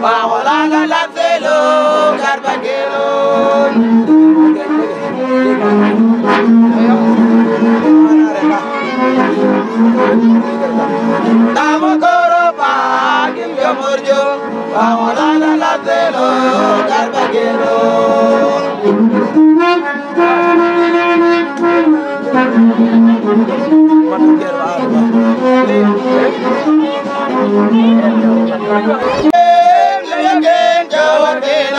Paolaga la velo carbaquero Tamo coro pa que yo morjo Paolaga la velo carbaquero Thank you.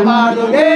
Amado. Hey.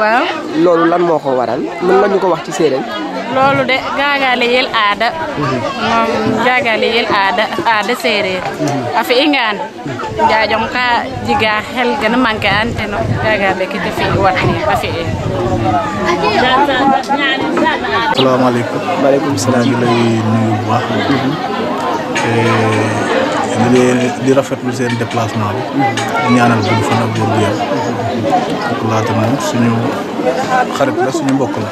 waaw loolu lan moo ko waral mën nañu ko wax ci séeréer loolu de gaagaale yel aada mhm. moom gaagaale yel aada aada séeréer mhm. afi ingaan jaajom ka jiga xel gën a manqué ante no gaagaale ki te fi watni afi e salaamaaleykum maaleykum salaam ñu lay nuyu bu baax mhm. eh, di di rafetlu seen déplacement bi ñaanal bu fa nak bu yam ko la tam suñu xarit la suñu mbokk la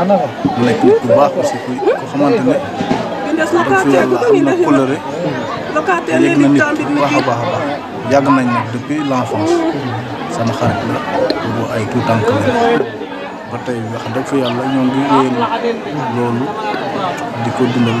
ana la nekk bu baax aussi ko xamantene locataire yi ni tambit ni baax baax baax yag nañ nak depuis l'enfance sama xarit la bu ay tout tank la ba tay wax deug fa yalla ñoom di wéyal lolu diko dundal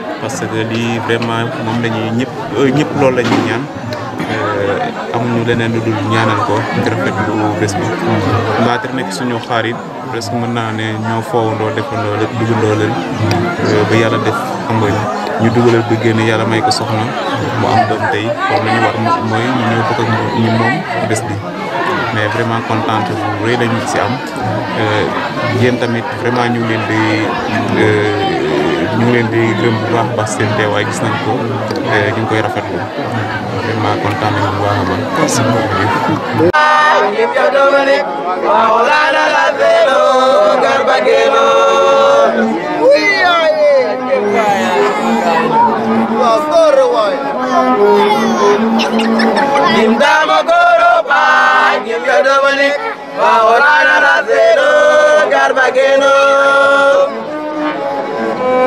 parce que lii vraiment moom la ñuy ñëpp euh, ñëpp loolu la ñuy ñaan euh, amuñu leneen lu dul ñaanal ko di rafetlu bés nekk suñu xarit presque mën naa ne ñoo foowandoo defandoo leen duggandoo euh, leen ba yàlla def xam ñu dugalal ba génn yàlla may ko soxna mu am doom tey kon mooy ñu ñëw bokk moom bés bi. mais vraiment contente bu rëy lañu ci am yéen tamit vraiment ñu ngi leen di. ñu ngi leen di gërëm bu baax baax seen teewaay gis nañ ko ñu ngi koy rafetlu vraiment kontaan nañ bu baax a baax. Gimdama goro Dominic, gimdama nik, pa garbageno.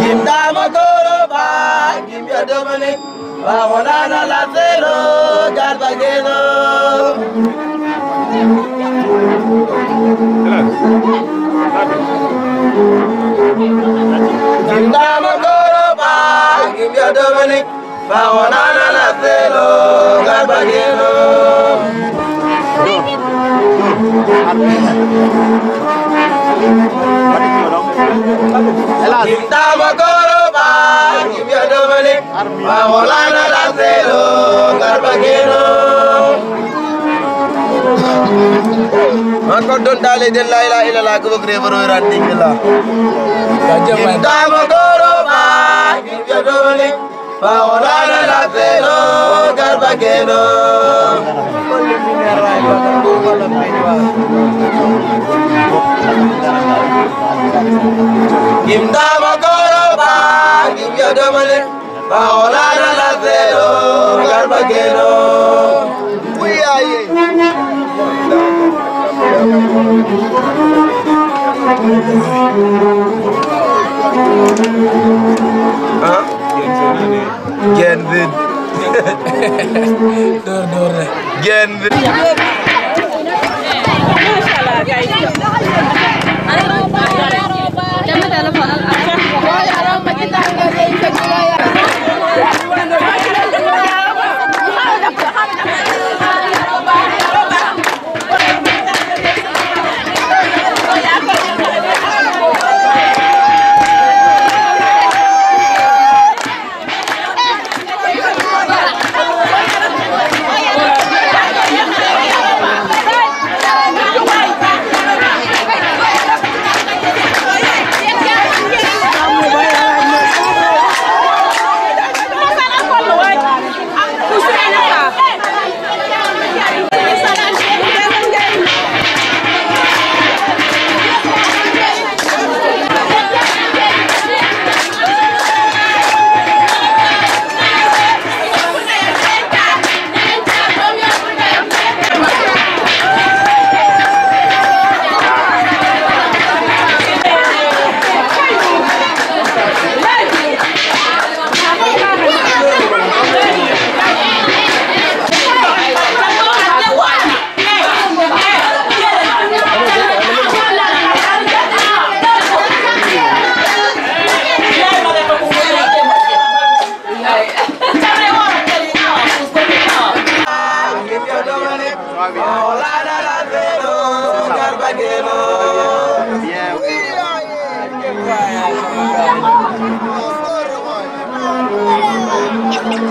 Gimda matoro ba gimbya domini ba molana latero garbageno. Gimda matoro ba gimbya domini ba molana latero garbageno. Estamos coroba, limpiando Malik, va volando el acero, carpaquero. Mako don dale de la ila ila la ko kre baro ran ding la. Estamos coroba, limpiando Malik. Paolana la pelo, carpaquero. Kimdama koroba, kimyodomale. Paolana la pelo, carpaquero. Huh? geen win door door rek geen win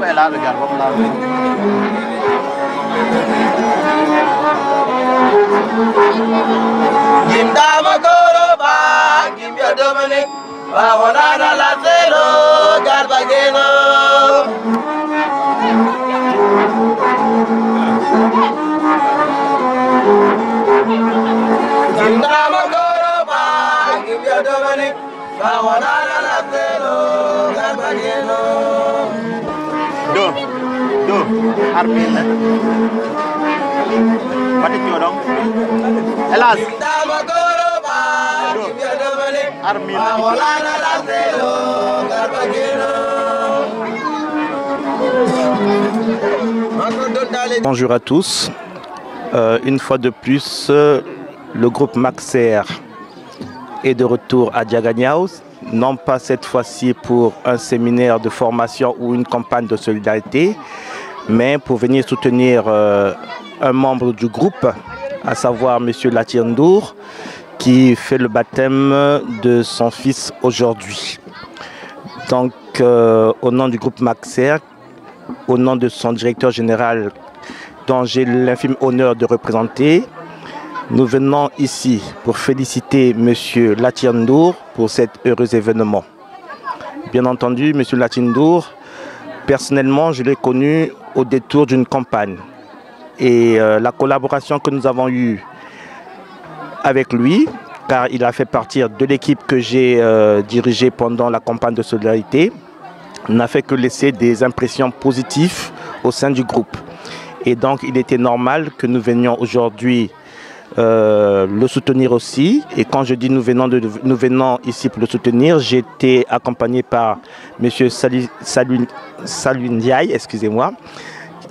Vai lá, Lugar, vamos lá. Gimda Makoro Ba, Gimbia Dominic, Ba Honana Lazero, Garbageno. Bonjour à tous. Euh, une fois de plus, euh, le groupe Maxer est de retour à Diaganiaus, non pas cette fois-ci pour un séminaire de formation ou une campagne de solidarité, mais pour venir soutenir euh, un membre du groupe, à savoir M. Latiendour, qui fait le baptême de son fils aujourd'hui. Donc, au nom du groupe Maxer, au nom de son directeur général dont j'ai l'infime honneur de représenter. Nous venons ici pour féliciter M. Latindour pour cet heureux événement. Bien entendu, M. Latindour, personnellement, je l'ai connu au détour d'une campagne. Et euh, la collaboration que nous avons eue avec lui, car il a fait partie de l'équipe que j'ai euh, dirigée pendant la campagne de solidarité, n'a fait que laisser des impressions positives au sein du groupe. Et donc, il était normal que nous venions aujourd'hui euh, le soutenir aussi. Et quand je dis nous venons, nous venons ici pour le soutenir, j'ai été accompagné par M. Salu, excusez-moi,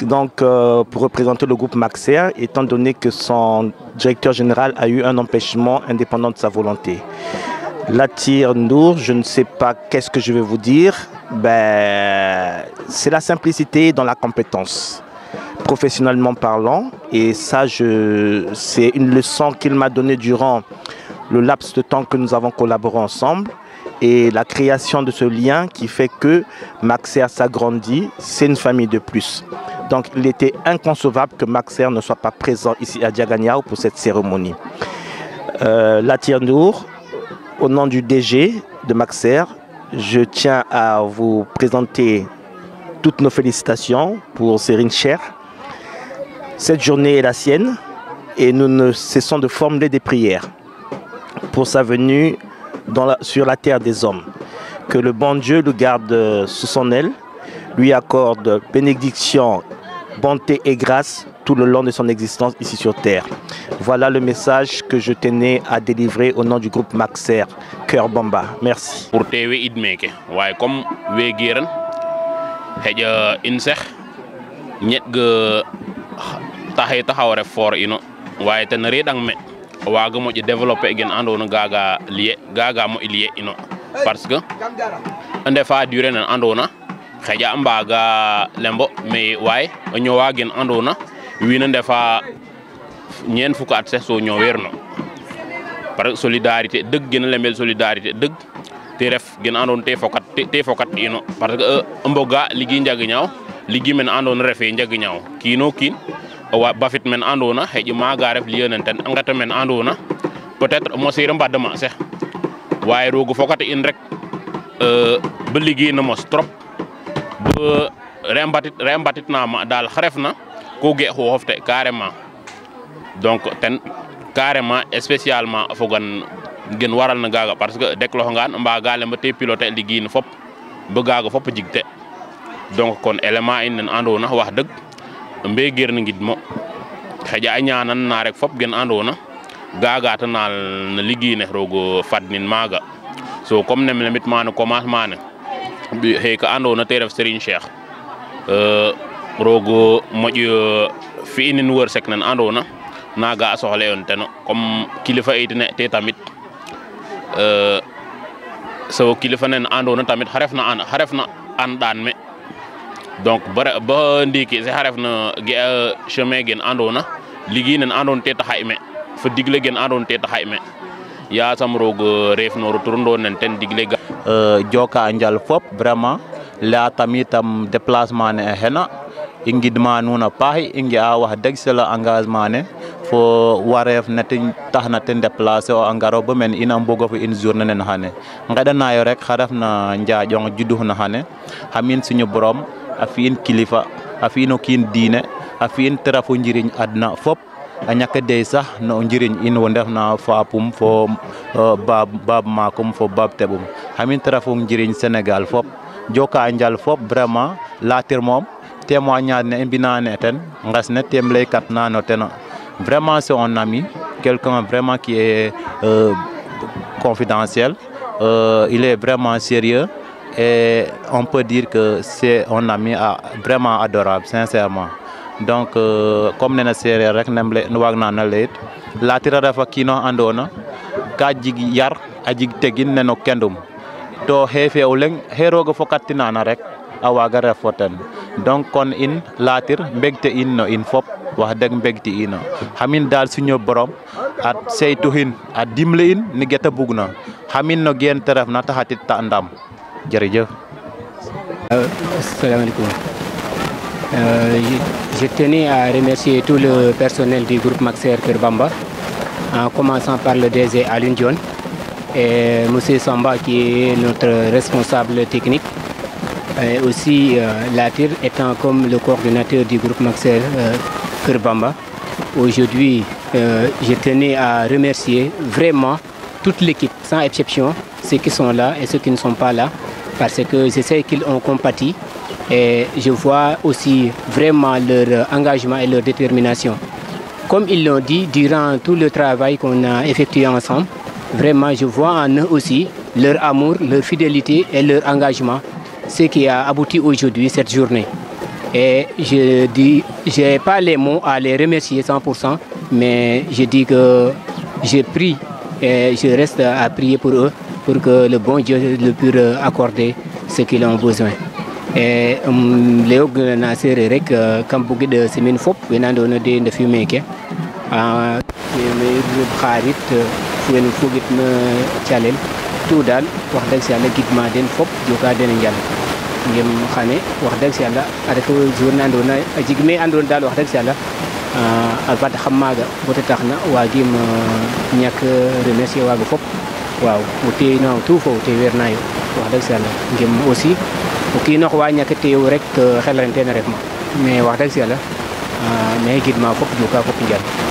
donc euh, pour représenter le groupe Maxer, étant donné que son directeur général a eu un empêchement indépendant de sa volonté. La tire Nour, je ne sais pas qu'est-ce que je vais vous dire. Ben, c'est la simplicité dans la compétence professionnellement parlant. Et ça, c'est une leçon qu'il m'a donnée durant le laps de temps que nous avons collaboré ensemble et la création de ce lien qui fait que Maxer s'agrandit, c'est une famille de plus. Donc il était inconcevable que Maxer ne soit pas présent ici à Diaganiao pour cette cérémonie. Euh, au nom du DG de Maxer, je tiens à vous présenter toutes nos félicitations pour Sérine Cher. Cette journée est la sienne et nous ne cessons de formuler des prières pour sa venue sur la terre des hommes. Que le bon Dieu le garde sous son aile, lui accorde bénédiction, bonté et grâce tout le long de son existence ici sur terre. Voilà le message que je tenais à délivrer au nom du groupe Maxer, Cœur Bamba. Merci. Pour hay heƴa in seh ñeɗga tahay taxawre for ino wawi ten reɗang me waga moƴo développé e gen andono gaga liye gaga moƴo liye ino parce que ndefa duré nen andona xeƴa mbaga lembo mais way vì ñowa gen phải wiina ndefa ñeen fukk at seh so ñowerno par solidarité dëgg gena lembel solidarité dëgg te ref gen fokat yee te ino parce que a euh, mboga liggéey njag ñaaw liggéey men andoona refee njag ñaaw kiin o wa bafit men andoona xëƴ maaga ref lieu ten a men andoona peut être moseer mbadma sax waaye roog fokata in rek euh, ba liggéey na mos trop ba rembatit rembatit na ma daal xaref na ko ge xooxof carrément donc ten carrément spécialement fogan gen waralna gaga par que dekloxongan mbaga lemba te piloter ligi in fop bo gaga fop jeg te donc kon élément in nen andona wax dëgg mbegir na mo xaƴa a ñanan rek fop gen andona gaga ta naal no roog fadnin maaga so comme nem lemit ma no commencement ne xëy andona te ref Serigne Cheikh euh, roog moƴo euh, fi'inin wërsek nen andona naga a soxla yon teno comme kilifa itine te tamit Euh, so kilifa nen andona tamit xaref na an xaref na an ɗan me donc ba ndiki se xaref na ge euh, chemin gen andona liggi nen andon te taxay me fo digle gen andon te taxay me yasam roog euh, refnooru turandoo nen ten digle ga joka fop vraiment laya tamitam déplacement ne e xena i ngidma nuun a paax i nge'a wax deg c'est engagement ne waref natin tahna ten déplacer o angaro bo men ina mbogo fo une journée nen hane ngada nayo rek xaraf na njajong juduh na hane hamin suñu borom afiin kilifa afiin okin diine afiin terafu njirign adna fop a ñaka dey sax no njirign in wo na faapum euh, fo bab bab makum fo bab tebum hamin terafu njirign sénégal fop joka njal fop vraiment latir mom témoignage ne mbina ne ten ngas ne tem lay kat no tena Vraiment, c'est un ami, quelqu'un vraiment qui est euh, confidentiel. Euh, il est vraiment sérieux et on peut dire que c'est un ami vraiment adorable, sincèrement. donc euh, comme nous sommes séeréer rek nem le waag na na leyit laatira ref a kiin oxe yar a jeg neno kendum to xee fe o leŋ de roog a fokatinana rek a waaga donc kon in latir mbegte in no in fop wax deg mbegti ino xamin dal suñu borom at seytu hin a dimle in ni geta bug xamin no geen taraf na taxati ta ndam jërëjëf asalaamaaleykum euh, je tenais à remercier tout le personnel du groupe Maxer Kerbamba en commençant par le DG Alun John et Monsieur Samba qui est notre responsable technique et euh, aussi, euh, Latir étant comme le coordinateur du groupe Maxel euh, Kurbamba. aujourd'hui, je tenais à remercier vraiment toute l'équipe, sans exception, ceux qui sont là et ceux qui ne sont pas là, parce que je sais qu'ils ont compati et je vois aussi vraiment leur engagement et leur détermination. Comme ils l'ont dit, durant tout le travail qu'on a effectué ensemble, vraiment je vois en eux aussi leur amour, leur fidélité et leur engagement ce qui a abouti aujourd'hui, cette journée. Et je dis, je n'ai pas les mots à les remercier 100%, mais je dis que je prie et je reste à prier pour eux, pour que le bon Dieu leur puisse accorder ce qu'ils ont besoin. Et E hum, lewg nasere euh, rek kam bugiɗo semin de wenan ɗo node nde de mi xarit wen fogit de calel surtout daal wax dëgg si yàlla gidma den fop joka den a ngem xane wax dëgg si yàlla a ref journée na andoona yee a jeg me andoona daal wax dëgg si yàlla euh, a fad xam maaga bo ta taxna waagiim euh, ñak euh, remercier waaga fop waaw o teeyna tout fo o teey weerna yo wax dëgg si yàlla ngem aussi o kiinox wa ñaka teew rek xel teen a ma mais wax dëgg si yàlla maxey gidma fop joka fop njal